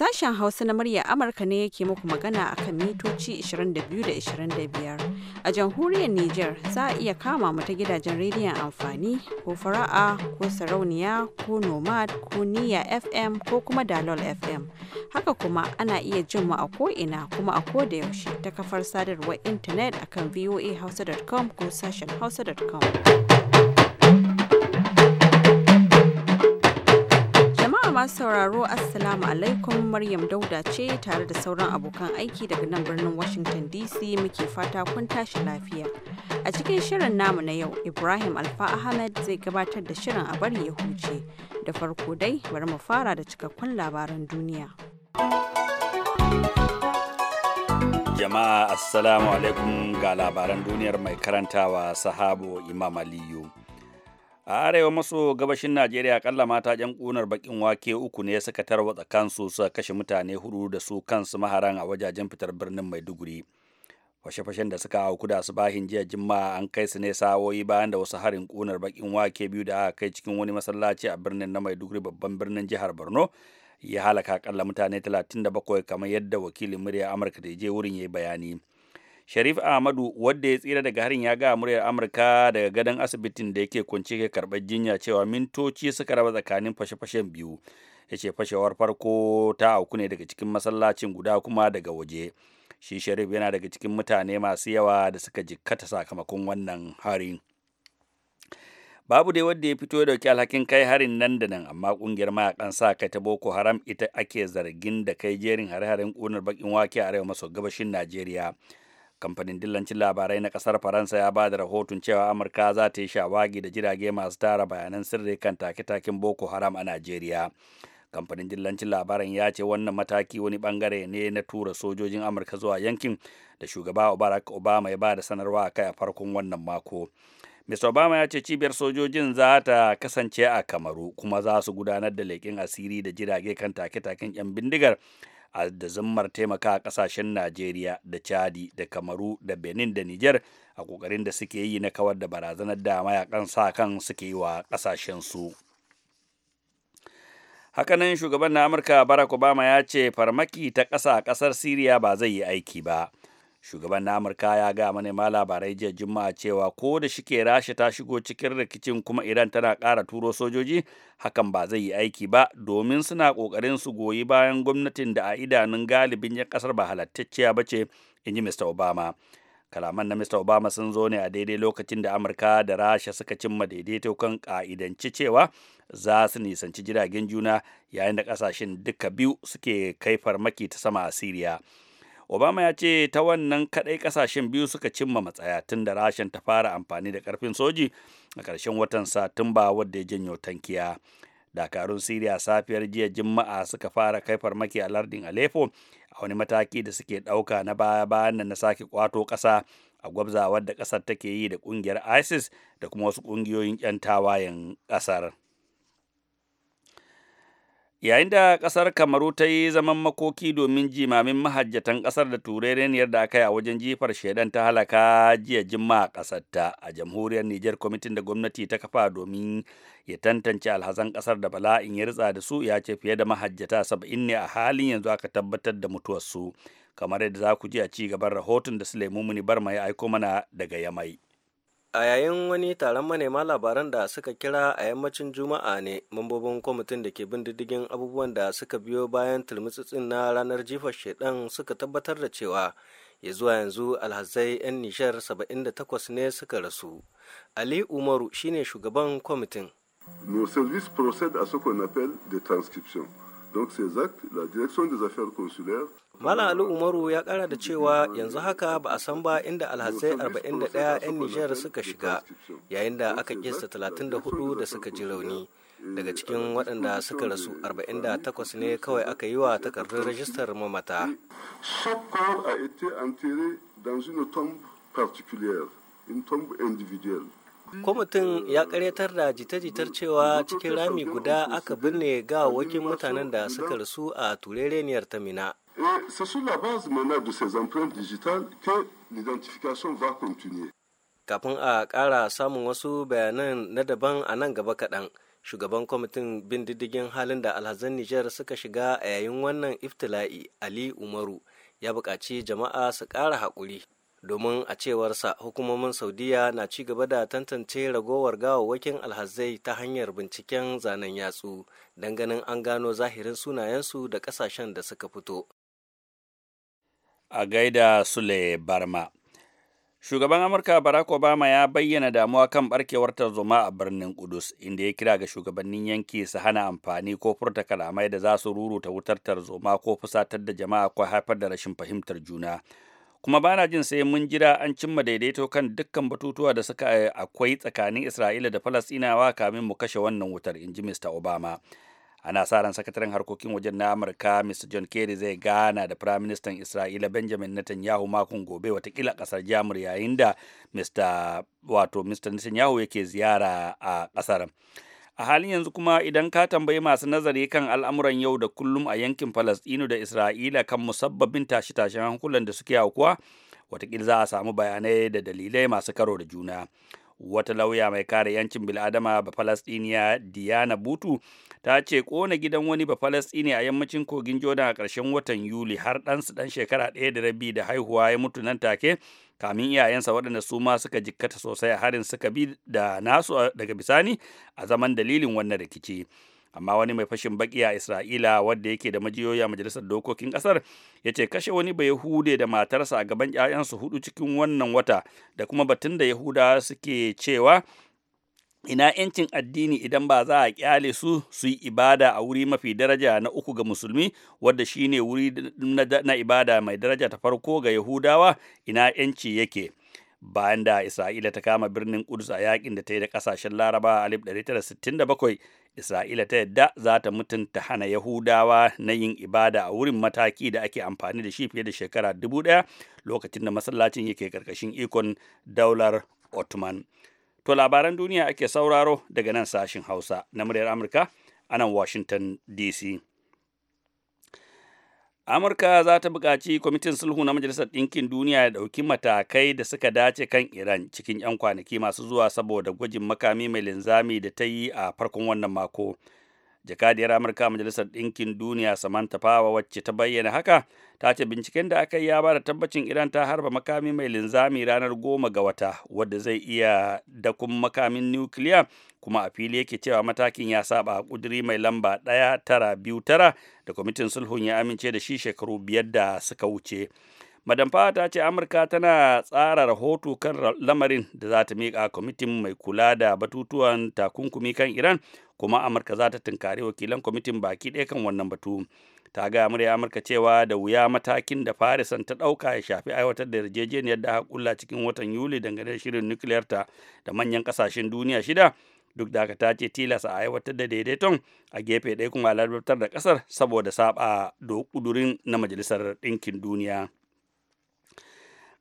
Sashen Hausa na murya Amurka ne yake muku magana a kan mitoci 22 da 25. A jamhuriyar niger za a iya kama mu ta gidajen rediyon amfani ko fara'a ko sarauniya ko nomad ko niya FM ko kuma dalol FM. Haka kuma ana iya jin mu a ko'ina kuma a ko da yaushe ta kafar sadarwar intanet akan voa hausa.com ko sashen hausa.com. Jama'a masu sauraro Assalamu alaikum Maryam Dauda ce tare da sauran abokan aiki daga nan birnin Washington DC muke fata kun tashi lafiya. A cikin shirin namu na yau, Ibrahim Alfa Ahmed zai gabatar da shirin a bari ya huce. Da farko dai bari mu fara da cikakkun labaran duniya. Jama'a Assalamu alaikum ga labaran duniyar mai karantawa sahabo Imam Aliyu. a arewa maso gabashin najeriya kalla mata yan kunar bakin wake uku ne suka tarwa kansu su kashe mutane hudu da su kansu maharan a wajajen fitar birnin maiduguri fashe-fashen da suka auku da su bahin jiya jimma'a an kai su ne sawoyi bayan da wasu harin kunar bakin wake biyu da aka kai cikin wani masallaci a birnin na maiduguri babban birnin jihar borno ya halaka kalla mutane talatin da 37 kamar yadda wakilin murya amurka da ya je wurin ya yi bayani Sharif Ahmadu wadda ya tsira daga harin ya ga muryar Amurka daga gadon asibitin da yake kwance ke karɓar jinya cewa mintoci suka raba tsakanin fashe-fashen biyu. Ya ce fashewar farko ta auku ne daga cikin masallacin guda kuma daga waje. Shi Sharif yana daga cikin mutane masu yawa da suka jikkata sakamakon wannan harin. babu dai wadda ya fito da alhakin kai harin nan da nan amma kungiyar mayakan sa kai ta boko haram ita ake zargin da kai jerin hare-haren kunar bakin wake a arewa maso gabashin najeriya kamfanin dillancin labarai na kasar faransa ya ba da rahoton cewa amurka za ta yi shawagi da jirage masu tara bayanan sirri kan take-taken boko haram a najeriya kamfanin dillancin labaran ya ce wannan mataki wani bangare ne na tura sojojin amurka zuwa yankin da shugaba barack obama ya ba da sanarwa kai a farkon wannan mako Mr. Obama ya ce cibiyar sojojin za ta kasance a Kamaru kuma za su gudanar da leƙen asiri da jirage kan take-taken 'yan bindigar da zimmar taimaka a kasashen najeriya da chadi da kamaru da benin da niger a kokarin da suke yi na kawar da barazanar da mayakan sa kan suke yi wa kasashen su hakanan shugaban na amurka barack obama ya ce farmaki ta ƙasa a ƙasar siriya ba zai yi aiki ba shugaban na amurka ya ga manema labarai jiya juma'a cewa ko da shike rasha ta shigo cikin rikicin kuma iran tana kara turo sojoji hakan ba zai yi aiki ba domin suna ƙoƙarin su goyi bayan gwamnatin da a idanun galibin ya kasar ba halattacciya ba ce in ji mr obama kalaman na mr obama sun zo ne a daidai lokacin da amurka da rasha suka cimma daidaito kan ƙa'idanci cewa za su nisanci jiragen juna yayin da ƙasashen duka biyu suke kai farmaki ta sama a siriya obama ya ce ta wannan kadai kasashen biyu suka cimma matsaya tun da rashin ta fara amfani da karfin soji a ƙarshen watan satumba wadda ya janyo tankiya dakarun siriya safiyar jiya juma'a suka fara kai farmaki a lardin aleppo a wani mataki da suke ɗauka na baya bayan nan na sake kwato ƙasa a gwabzawar da ƙasar take yi da ƙungiyar isis da kuma wasu ƙungiyoyin 'yan tawayen ƙasar yayin da ƙasar kamaru ta yi zaman makoki domin jimamin mahajjatan ƙasar da turereniyar da aka yi a wajen jifar shaidan ta halaka jiya jimma a ta a jamhuriyar nijar kwamitin da gwamnati ta kafa domin ya tantance alhazan ƙasar da bala'in ya ritsa da su ya ce fiye da mahajjata saba'in ne a halin yanzu aka tabbatar da mutuwarsu kamar yadda za ku ji a ci gaban rahoton da sulaimu muni barma ya aiko mana daga yamai a yayin wani taron manema labaran da suka kira a yammacin juma'a ne mambobin kwamitin da ke bin diddigin abubuwan da suka biyo bayan tilmitsitsin na ranar jifar shaidan suka tabbatar da cewa ya zuwa yanzu alhazai 'yan nishar 78 ne suka rasu ali umaru shine shugaban kwamitin No service procèdent as ce qu'on Donc c'est la direction des affaires consulaires. Malam Ali Umaru ya kara da cewa yanzu haka ba a san ba inda alhassai 41 'yan Nijar suka shiga yayin da aka kista 34 da suka ji rauni. Daga cikin waɗanda suka rasu 48 ne kawai aka yi wa takardun rajistar mamata. Chaque corps a été enterré dans une tombe particulière, une tombe individuelle. kwamitin ya karyatar da jita-jitar cewa cikin rami guda aka binne ga wakin mutanen da suka rasu a turereniyar ta mina kafin a ƙara samun wasu bayanan na daban a nan gaba kaɗan shugaban kwamitin bin diddigin halin da alhazan nijar suka shiga a yayin wannan iftila'i ali umaru ya buƙaci jama'a su ƙara haƙuri domin a cewarsa hukumomin saudiya na ci gaba da tantance ragowar gawawwakin alhazai ta hanyar binciken zanen yatsu don ganin an gano zahirin sunayensu da kasashen da suka fito a gaida sule barma Shugaban Amurka Barack Obama ya bayyana damuwa kan barkewar tarzoma a birnin Kudus, inda ya kira ga shugabannin yanki su hana amfani ko furta kalamai da za su ruruta wutar tarzoma ko fusatar da jama'a ko haifar da rashin fahimtar juna. kuma ba na jin sai mun jira an cimma daidaito kan dukkan batutuwa da suka eh, akwai tsakanin isra'ila da falasɗinawa kamin mu kashe wannan wutar in ji mr obama ana sa ran sakataren harkokin wajen na amurka mr john kerry zai gana da prime firaministan isra'ila benjamin netanyahu makon gobe watakila kasar jamur yayin da mr wato mr netanyahu yake ziyara a kasar a halin yanzu kuma idan ka tambayi masu nazari kan al'amuran yau da kullum a yankin Falasɗinu da Isra'ila kan musabbabin tashe-tashen hankulan da suke aukuwa, watakila za a samu bayanai da dalilai masu karo da juna. Wata lauya mai kare 'yancin bil'adama ba Falasɗiniya Diana Butu ta ce kona gidan wani ba falastini a yammacin kogin jordan a ƙarshen watan yuli har ɗansu ɗan shekara ɗaya da rabi da haihuwa ya mutu nan take kamin iyayensa waɗanda su ma suka jikkata sosai a harin suka bi da nasu daga bisani a zaman dalilin wannan rikici amma wani mai fashin baki a isra'ila wadda yake da majiyoyi a majalisar dokokin kasar ya ce kashe wani bai hude da matarsa a gaban 'ya'yansu hudu cikin wannan wata da kuma batun da yahuda suke cewa ina ‘yancin addini idan ba za a kyale su su yi ibada a wuri mafi daraja na uku ga musulmi wadda shi ne wuri na ibada mai daraja ta farko ga yahudawa ina ‘yanci yake bayan da isra'ila ta kama birnin ƙudus a yakin da ta yi da kasashen laraba a 1967 isra'ila ta yadda za ta mutunta hana yahudawa na yin ibada a wurin mataki da ake amfani da shi fiye da shekara dubu ɗaya lokacin da masallacin yake karkashin ikon daular ottoman To labaran duniya ake sauraro daga nan sashin Hausa na muryar Amurka a nan Washington DC. Amurka za ta buƙaci kwamitin sulhu na Majalisar Ɗinkin Duniya ya ɗauki matakai da suka dace kan Iran cikin 'yan kwanaki masu zuwa saboda gwajin makami mai linzami da ta yi a farkon wannan mako. jakadiyar amurka a majalisar ɗinkin duniya samantha fawa wacce ta bayyana haka ta ce binciken da aka yi ya bada tabbacin iran ta harba makami mai linzami ranar goma ga wata wadda zai iya dakun makamin nukiliya kuma a fili yake cewa matakin ya saba a kuduri mai lamba ɗaya tara biyu tara da kwamitin sulhun ya amince da shi shekaru biyar da suka wuce madam ta ce amurka tana tsara rahoto kan lamarin da za ta miƙa kwamitin mai kula da batutuwan takunkumi kan iran kuma amurka za ta tunkari wakilan kwamitin baki ɗaya kan wannan batu ta gaya murya amurka cewa da wuya matakin da farisan ta ɗauka ya shafi aiwatar da yarjejeniyar da hakulla cikin watan yuli dangane da shirin nukiliyar da manyan ƙasashen duniya shida duk da haka ta ce tilas a aiwatar da daidaiton a gefe ɗaya kuma larabtar da ƙasar saboda saba da ƙudurin na majalisar ɗinkin duniya.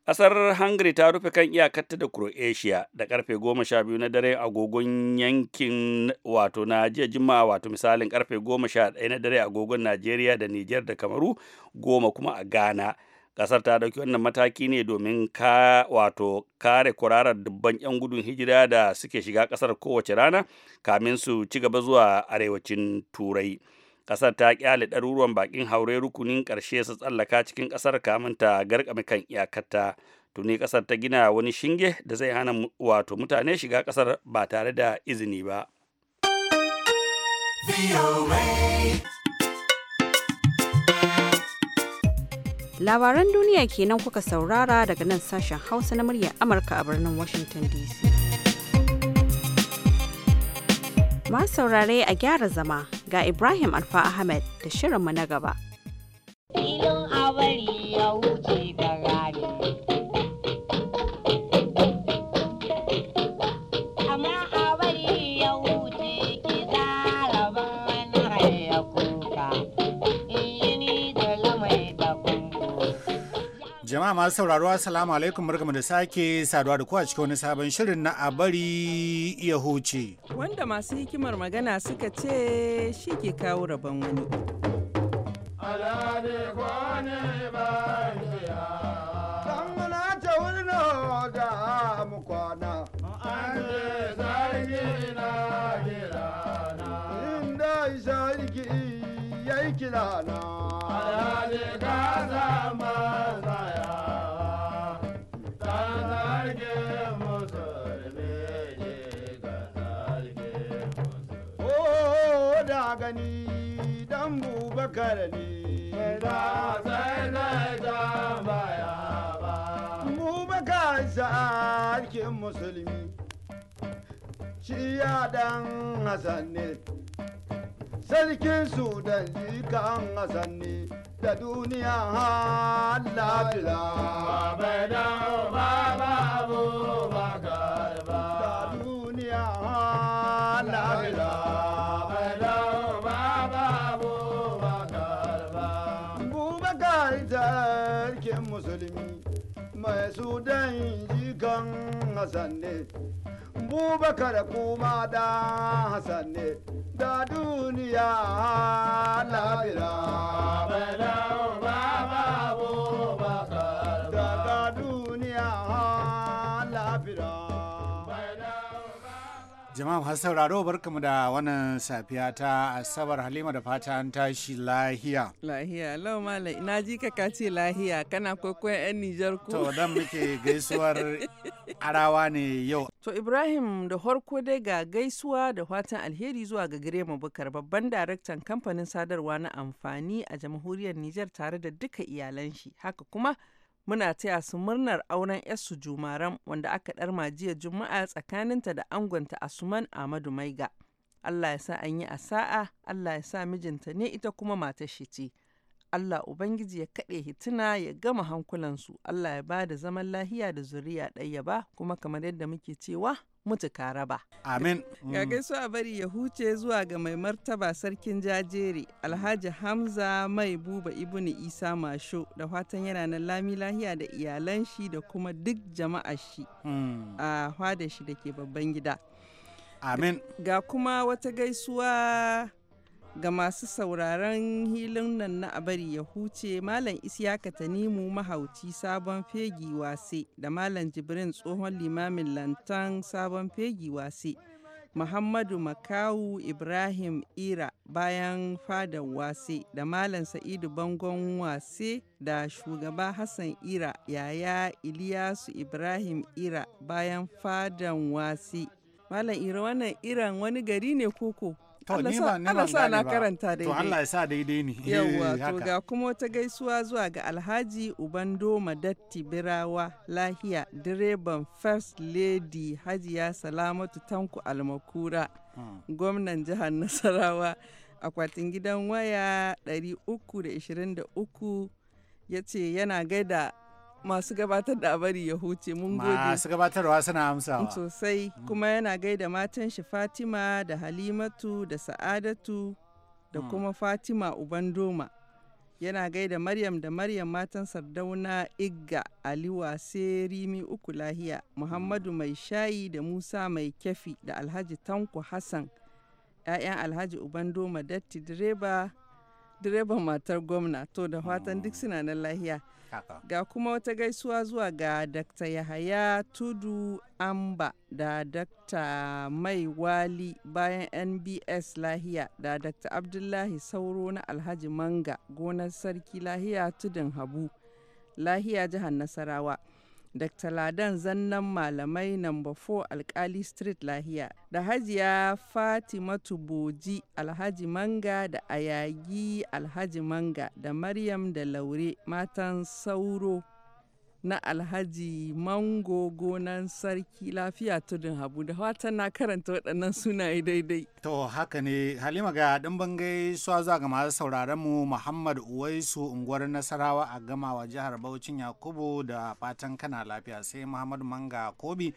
Ƙasar Hungary ta rufe kan iyakarta da Croatia da karfe goma sha biyu na dare agogon yankin wato na jiya Juma'a wato misalin karfe goma sha ɗaya na dare agogon Najeriya da Nijar da Kamaru goma kuma a Ghana. Ƙasar ta dauki wannan mataki ne domin ka wato kare kurarar dubban 'yan gudun hijira da suke shiga ƙasar kowace rana kamin su ci gaba zuwa arewacin Turai. kasar ta kyale ɗaruruwan bakin haure rukunin ƙarshe su tsallaka cikin ƙasar kamun ta garkame kan iyakarta tuni ƙasar ta gina wani shinge da zai hana wato mutane shiga ƙasar ba tare da izini ba labaran duniya kenan kuka saurara daga nan sashen hausa na muryar amurka a birnin washington dc ma saurare a gyara zama Ga Ibrahim Alfa Ahmed da shirinmu na gaba. Ilon a ya wuce gara. Jama'a masu sauraro Assalamu alaikum barkamu da sake saduwa da ku a cikin wani sabon shirin na a bari iya huce. Wanda masu hikimar magana suka ce shi ke kawo rabon wani. Alade kwane ba ta gani dan bubakar ne da sai baya ba bubakar sarkin musulmi shi ya dan hasan ne sarkin da jikan hasan ne da duniya halabila ba da ba ba bubakar dan jikan Hassan ne, Bubakar kuma da Hassan ne, da duniya labira. Balau baba Bubakar da duniya labira. Jama'a masu sauraro barkamu da wannan safiya ta Asabar Halima da fata an tashi lahiya. Lahiya, lau mala ina ji ka kace lahiya kana kwaikwayon 'yan Nijar ku. To dan muke gaisuwar arawa ne yau. To Ibrahim da harko dai ga gaisuwa da fatan alheri zuwa ga gire bukar babban daraktan kamfanin sadarwa na amfani a jamhuriyar Nijar tare da duka iyalan shi. Haka kuma Muna taya su murnar auren yasu Jumaran wanda aka ɗarma jiya Juma'a tsakaninta da angonta Asuman amadu Maiga. Allah ya sa an yi a sa'a, Allah ya sa mijinta ne ita kuma matar shi ce. Allah Ubangiji ya kaɗe hituna ya gama hankulansu, Allah ya ba da zaman lahiya da zuriya ɗaya ba, kuma kamar yadda muke cewa mutu raba. Amin. Ga gaisuwa bari ya huce zuwa ga mai martaba sarkin jajere Alhaji Hamza mai buba ibnu Isa Masho da fatan yana nan lami lahiya da iyalan shi da kuma duk jama'ar shi hmm. a hwada shi da ke babban gida. Amin. Ga kuma wata gaisuwa ga masu sauraron hilin nan na abari ya huce malam isyaka tanimu mahauci sabon fegi wase da malam jibrin tsohon limamin lantan sabon fegi wase muhammadu makawu ibrahim ira bayan fadar wase da malam sa'idu bangon wase da shugaba hassan ira yaya iliyasu ibrahim ira bayan fadan wase malam ira wannan iran wani gari ne koko to ni ba ni sa na karanta daidai to Allah ya sa daidai ne yawa eh, to ga kuma wata gaisuwa zuwa ga Alhaji Ubando Madatti Birawa Lahiya direban First Lady Hajiya Salamatu Tanku Almakura hmm. gwamnan jihar Nasarawa akwatin gidan waya 323 ya ce yana gaida masu gabatar da abari ya huce mun gode masu gabatarwa suna amsawa sosai mm. kuma yana gaida matan shi Fatima da Halimatu da Sa'adatu da mm. kuma Fatima uban doma yana gaida Maryam da Maryam matan Sardauna Igga Aliwa Rimi uku lahiya Muhammadu mm. mai shayi da Musa mai kyafi da Alhaji Tanko Hassan ‘ya'yan Alhaji uban doma datti direba direban matar gwamna to da fatan duk suna nan lahiya Ga kuma wata gaisuwa zuwa ga Dr. Yahaya Tudu Amba da Dr. Mai Wali bayan NBS Lahiya da Dr. Abdullahi Sauro na Alhaji Manga gonar Sarki Lahiya Tudun Habu Lahiya jihar Nasarawa. Dr. Ladan zannan malamai No. 4 Alkali Street Lahiya da Hajiya Fatimatu Boji Alhaji Manga da Ayagi Alhaji Manga da Maryam da Laure matan sauro na Alhaji Mango gonan sarki lafiya tudun Habu da watan na karanta waɗannan sunaye daidai. To haka ne Halima ga ɗan bangai suwa za ga masu sauraron mu Muhammad Uwaisu unguwar Nasarawa a gama wa jihar Bauchin Yakubu da fatan kana lafiya sai Muhammad Manga Kobi.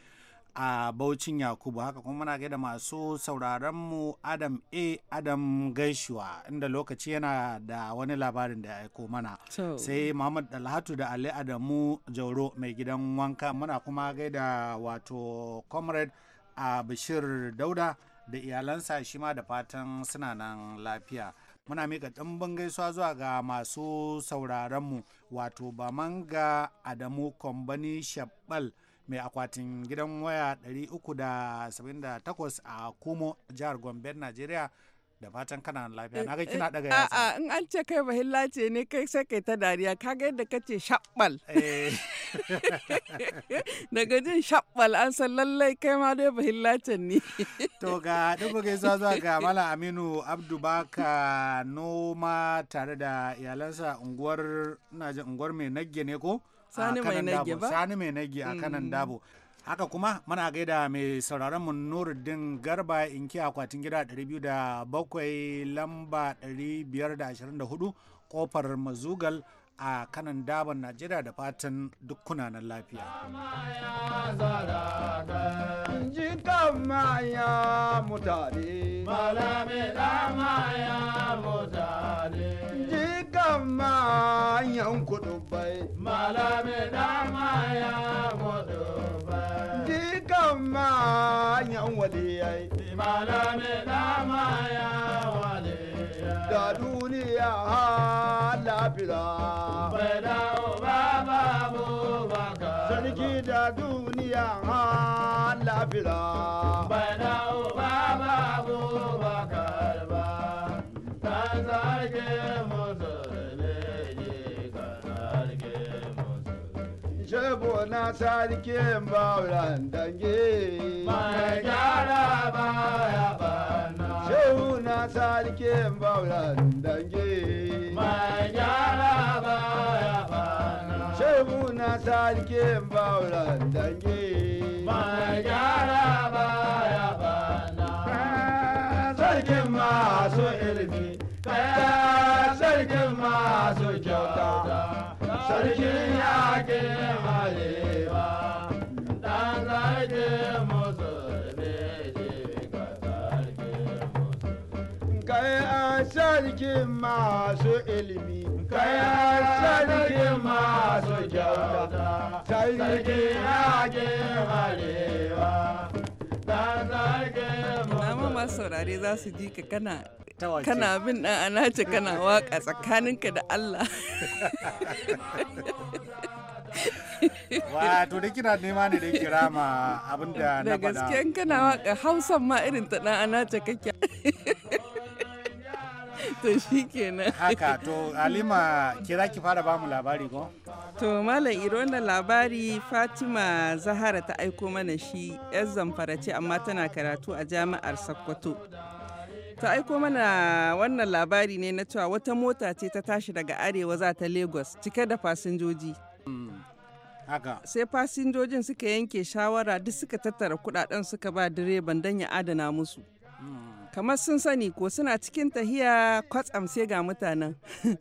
a Baucin Yakubu haka kuma muna gaida masu sauraron Adam A Adam Gaishuwa inda lokaci yana da wani labarin da ya aiko mana sai Muhammad Dalhatu da Ali Adamu Jauro mai gidan wanka muna kuma gaida wato comrade a Bashir Dauda da iyalansa shi ma da fatan suna nan lafiya muna mika ɗimbin gaisuwa zuwa ga masu sauraron mu wato Bamanga Adamu Kombani Shabbal mai akwatin gidan waya 378 a kumo jihar gombe najeriya da fatan kana lafiya na ga kina daga yasa a'a in an ce kai bahilla ce ne kai sai kai ta dariya ka ga yadda kace shabbal eh. daga jin shabbal an san lallai kai ma dai bahilla ce ne to ga dubu ga zuwa ga mala Aminu Abdu Baka noma tare da iyalansa unguwar ina ji unguwar mai nagge ne ko sani mai nage ba sani mai nage a kanan dabo haka kuma muna gaida mai sauraron mu nuruddin garba inki akwatin gida 207 lamba 524 kofar mazugal a kanan daban najeriya da fatan dukkuna na lafiya jikan maya mutane malami da maya mutane yan kudu bai. Malami dama ya kudu bai. Dikan ma yan waliyai. Malami dama ya waliyai. Da duniya ha lafira. Bai dawo ba babu baka. Sarki da duniya ha lafira. Bai dawo na sarkin bauran dangi bayabana. gyara baya bana shehu na sarkin bauran dangi bayabana. gyara baya bana shehu na sarkin bauran dangi bayabana. gyara baya bana sarkin masu ilimi sarkin masu kyauta sarkin sarki musulmi shi ka sarki musulmi kai a sarkin masu ilimi kai a sarkin masu kyauta sarkin yaƙi halewa dan sarki musulmi. Namun masu saurari za su ji ka kana kana bin ɗan anace kana waka tsakaninka da Allah wato da kina nema ne da kirama abinda na bada da gaskiyan kana waka hausan ma irin ta ɗan anace kake to shi kenan haka to halima za ki fara bamu labari ko to malam iro na labari fatima zahara ta aiko mana shi yar zamfara ce amma tana karatu a jami'ar sokoto ta aiko mana wannan labari ne na cewa wata mota ce ta tashi daga arewa za ta Lagos cike da fasinjoji. Hmm, sai fasinjojin suka yanke shawara duk suka tattara kudaden suka ba direban don ya adana musu. Hmm. Kamar sun sani ko suna cikin tahiya kwatsam sai ga mutanen.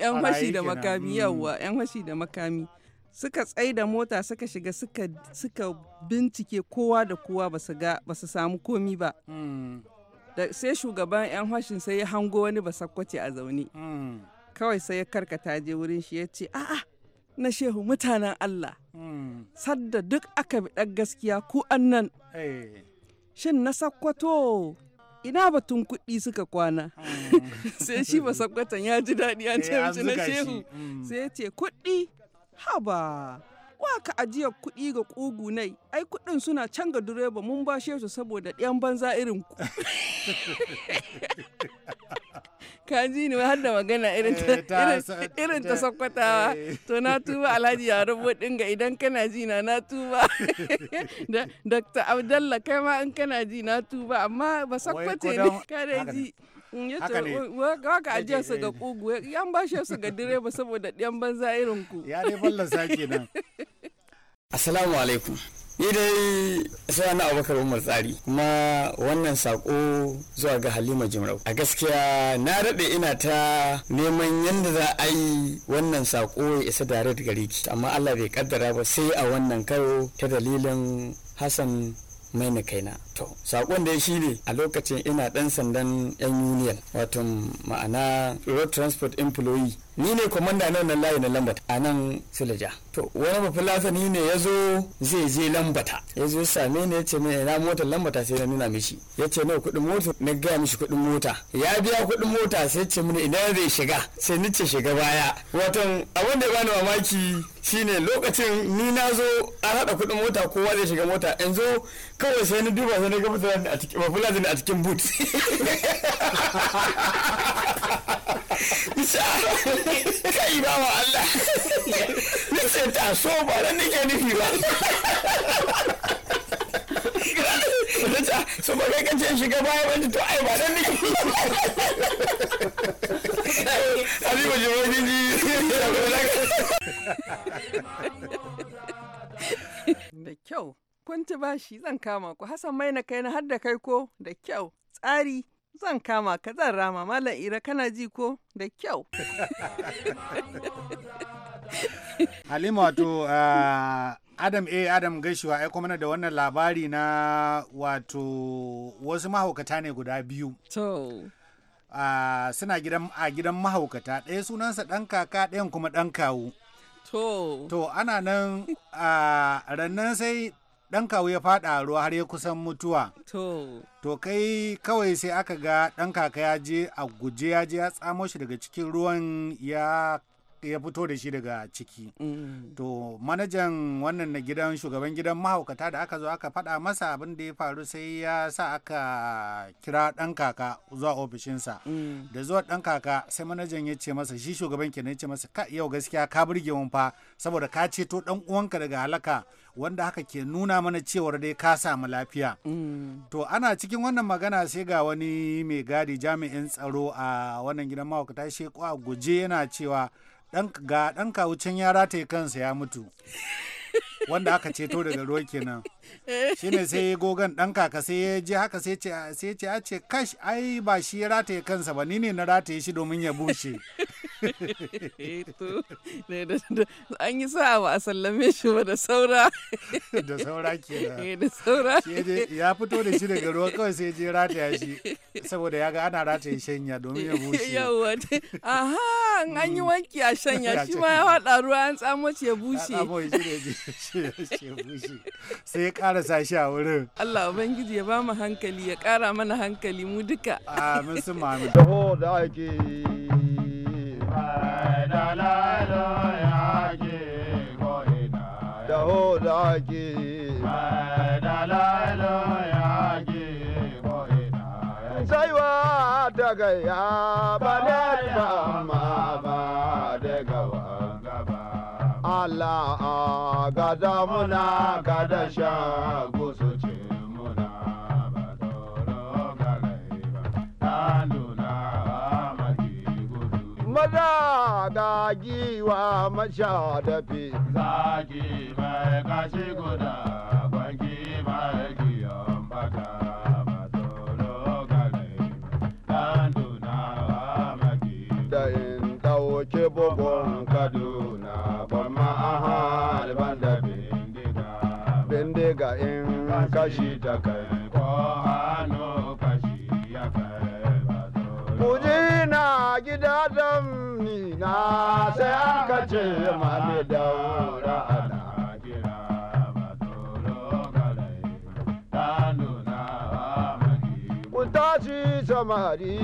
'Yan hashi da makami hmm. yawa, 'yan hashi da makami. suka tsai da mota suka shiga suka, bincike kowa da kowa ba su samu komi ba. da sai shugaban yan hashin sai ya hango wani basakwace a zaune hmm. kawai sai ya karkata je wurin shi ya ce a'a na shehu mutanen Allah hmm. sadda duk aka bi ɗan gaskiya ku annan eh. shin na sakwato ina batun kuɗi suka kwana hmm. sai shi ba sakwatan ya ji daɗi an eh, ce na shehu sai ya ce kuɗi haba ba ka ajiyar kuɗi ga ƙugu nai ai kuɗin suna can ga direba mun bashe su saboda ɗiyan banza irin ku ji ne har da magana irin ta eh, sakwatawa eh. to na tuba alhaji ya rubo dinga idan kana ji na na tuba dr abdalla kai ma in kana ji na tuba amma ba sakwace ne kada ji haka ne haka ajiyar su ga eh, kugu eh. yan bashe su ga direba saboda 'yan banza irin ku ya dai ballan sake nan assalamu alaikum ni dai na abubakar umar tsari kuma wannan sako zuwa ga halima jimrau a gaskiya na daɗe ina ta neman yadda za a yi wannan sako ya isa direct gare ki amma allah bai kaddara ba sai a wannan karo ta dalilin hassan mai na kaina to sakon da shi ne a lokacin ina dan sandan yan union wato ma'ana road transport employee ni ne kwamanda nan nan layi na lambata a nan filaja to wani mafi ni ne ya zo zai je lambata ya zo same ni ya ce mai na mota lambata sai na nuna mishi ya ce nawa kuɗin mota na gaya mishi kuɗin mota ya biya kuɗin mota sai ce mini idan zai shiga sai ni ce shiga baya watan abin da ya bani mamaki shine lokacin ni na zo an haɗa kuɗin mota kowa zai shiga mota in zo kawai sai ni duba sai na ga mutane a cikin boot nisa kai ba wa Allah nisa ta so ba da nake nufi ba nisa so ba kai kace shiga baya ba to ai ba dan nake Ali ba je wani ji da kyau kun ci bashi zan kama ku Hassan mai na kai na har da kai ko da kyau tsari Zan kama ka zan rama Malam Ira kana ji ko da kyau. Halima wato ah, Adam A. Eh, Adam gaishewa ya kuma da wannan labari na wato wasu mahaukata ne guda biyu. To. Ah, suna gidan a gidan mahaukata ɗaya sunansa ɗan kaka ɗayan kuma ɗan kawu. To. ana nan a ah, rannan sai ɗan kawu ya faɗa ruwa har ya kusan mutuwa. To. To kai kawai sai aka ga ɗan kaka ya je a guje ya je ya tsamo shi daga cikin ruwan ya ya fito da shi daga ciki mm. to manajan wannan na gidan shugaban gidan mahaukata da aka zo aka faɗa masa abin da ya faru sai ya sa aka kira ɗan kaka zuwa ofishinsa mm. da zuwa ɗan kaka sai manajan ya ce masa shi shugaban kenan ya ce masa ka yau gaskiya ka burge mun fa saboda ka ceto ɗan uwanka daga halaka wanda haka ke nuna mana cewar dai ka samu lafiya mm. to ana cikin wannan magana sai ga wani mai gadi jami'in tsaro a wannan gidan mahaukata shi a guje yana cewa ga ɗan kawucin ya rataye kansa ya mutu wanda aka ceto daga ruwa kenan shine sai gogon ɗan kaka sai ya ji haka sai ce a ce kash ai ba shi ya rataye kansa ba ni ne na rataye shi domin ya bushe an yi sa ba a sallame shi ba da saura da saura kenan eh, da saura ya fito da shi daga ruwa kawai sai je rataya shi saboda ya ga ana rataya shanya domin ya bushe yawa aha an yi mm. wanki a shanya shi ma ya haɗa ruwa an tsamo shi ya bushe sai ya ƙara shi a wurin Allah ubangiji ya ba mu hankali ya ƙara mana hankali mu duka amin su mamin da ake dalalo yake koina daho dake dalalo yake koina saiwa ba ma ba daga Allah a gada muna gada sha maza da giwa masha da fi Zagi mai kashi guda banki mai giyon baka Ke bugun Kaduna ban ma'aha alban da bindiga. Bindiga in kashi ta kai ko hannu na gida dan ni na sai aka ce mami daura ana samari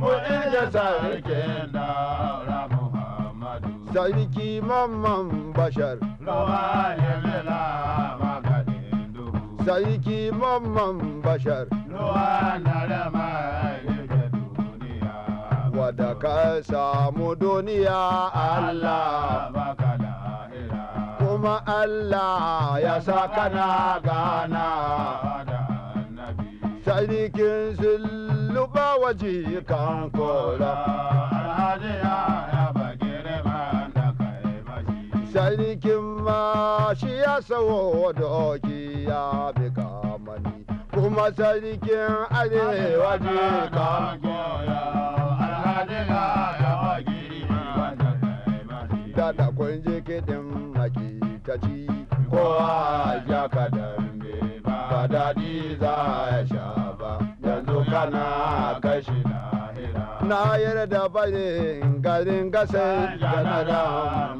mu inda sarkin daura muhammadu sarki mamman bashar rawa ya lila duhu sarki mamman bashar rawa na da wadda ka samu duniya Allah baka lahira kuma Allah ya sa kana gana da annabi sarkin sulluba waje kan kora alhaji ya bagire man da kai mashi sarikin ma shi ya sawo doki ya bi kamani kuma sarikin arewa je kan kora shi lahira na yarda barin garin gasa janara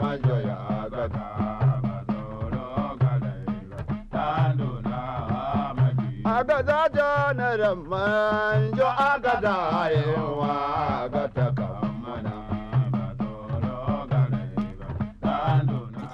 majoya gada agada janara manjo agada yawa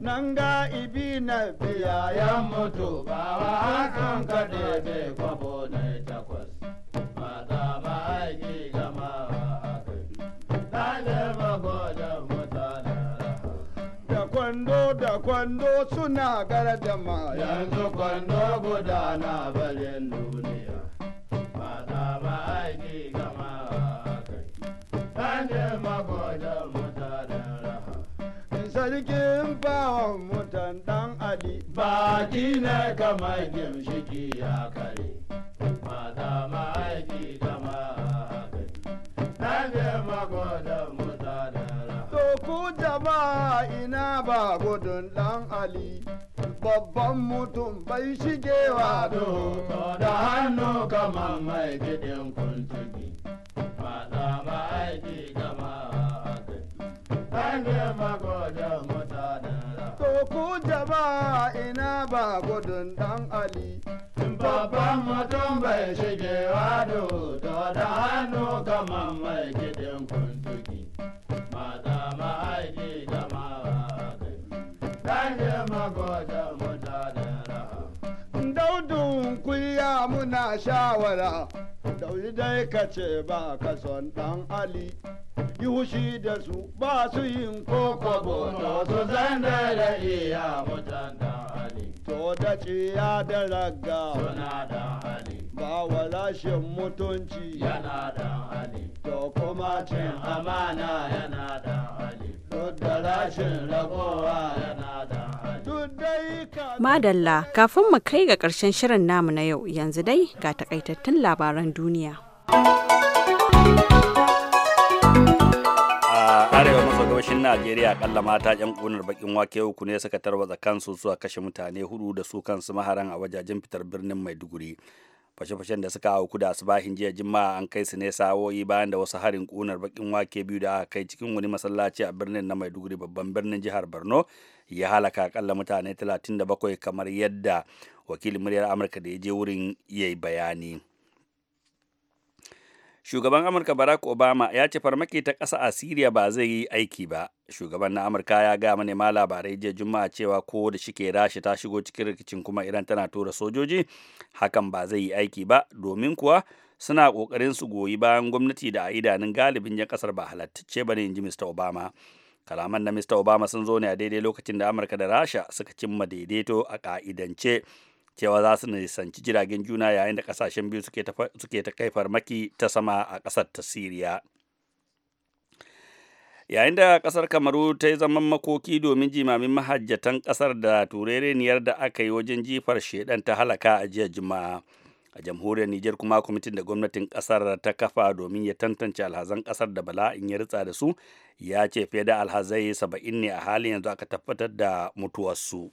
nan ga ibi na biya ya mutu ba wa hakan ka debe kwabo na takwas mata ba aiki gama a mutana da kwando da kwando suna gara ma yanzu kwando gudana balen duniya sarkin bawon mutan dan adi baki na kamar shiki ya kare mata ma'aiki kama hakari na da magodan mutanen to ku jama'a ina ba gudun dan ali babban mutum bai shigewa to da hannu kamar mai gidin kuntuki ku jaba ina ba gudun dan Ali. Babban mutum bai shige wado, to da hannu kamar mai gidan kuntuki. Mata ma'aiki jama'a kai. Dan je magojan daudun kuya muna shawara dauri dai ka ce ba ka son dan ali yi hushi da su ba su yin koko bono su zan da iya mutan dan ali to da ciya da raga suna dan ali ba wa rashin mutunci yana dan ali to kuma cin amana yana dan ali to da rashin ragowa yana Madalla kafin mu kai ga ƙarshen shirin namu na yau yanzu dai ga takaitattun labaran duniya. A arewa maso gabashin Najeriya kalla mata 'yan ƙunar bakin wake uku ne suka tarwatsa kansu zuwa kashe mutane hudu da su kansu maharan a wajajen fitar birnin Maiduguri. fashe-fashen da suka kuda su bahin jiya jima'a an kai su ne sa'o'i bayan da wasu harin kunar bakin wake biyu da aka kai cikin wani masallaci a birnin na maiduguri babban birnin jihar borno ya halaka akalla mutane 37 kamar yadda wakilin muryar amurka da ya je wurin ya yi bayani shugaban amurka barack obama ya ce farmaki ta ƙasa a siriya ba zai yi aiki ba shugaban na amurka ya ga manema labarai jiya juma'a cewa ko da shike rashi ta shigo cikin rikicin kuma iran tana tura sojoji hakan ba zai yi aiki ba domin kuwa suna ƙoƙarin su goyi bayan gwamnati da a idanun galibin yan ƙasar ba halattacce ba ne in ji mr obama kalaman na mr obama sun zo ne a daidai lokacin da amurka da rasha suka cimma daidaito a ƙa'idance cewa za su nisanci jiragen juna yayin da kasashen biyu suke ta kai farmaki ta sama a ƙasar ta siriya yayin da ƙasar kamaru ta yi zaman makoki domin jimamin mahajjatan kasar da turereniyar da aka yi wajen jifar shedan ta halaka a jiya juma'a a jamhuriyar Nijar kuma kwamitin da gwamnatin kasar ta kafa domin ya tantance alhazan kasar da bala'in ya ritsa da su ya ce fiye da alhazai saba'in ne a halin yanzu aka tabbatar da mutuwarsu.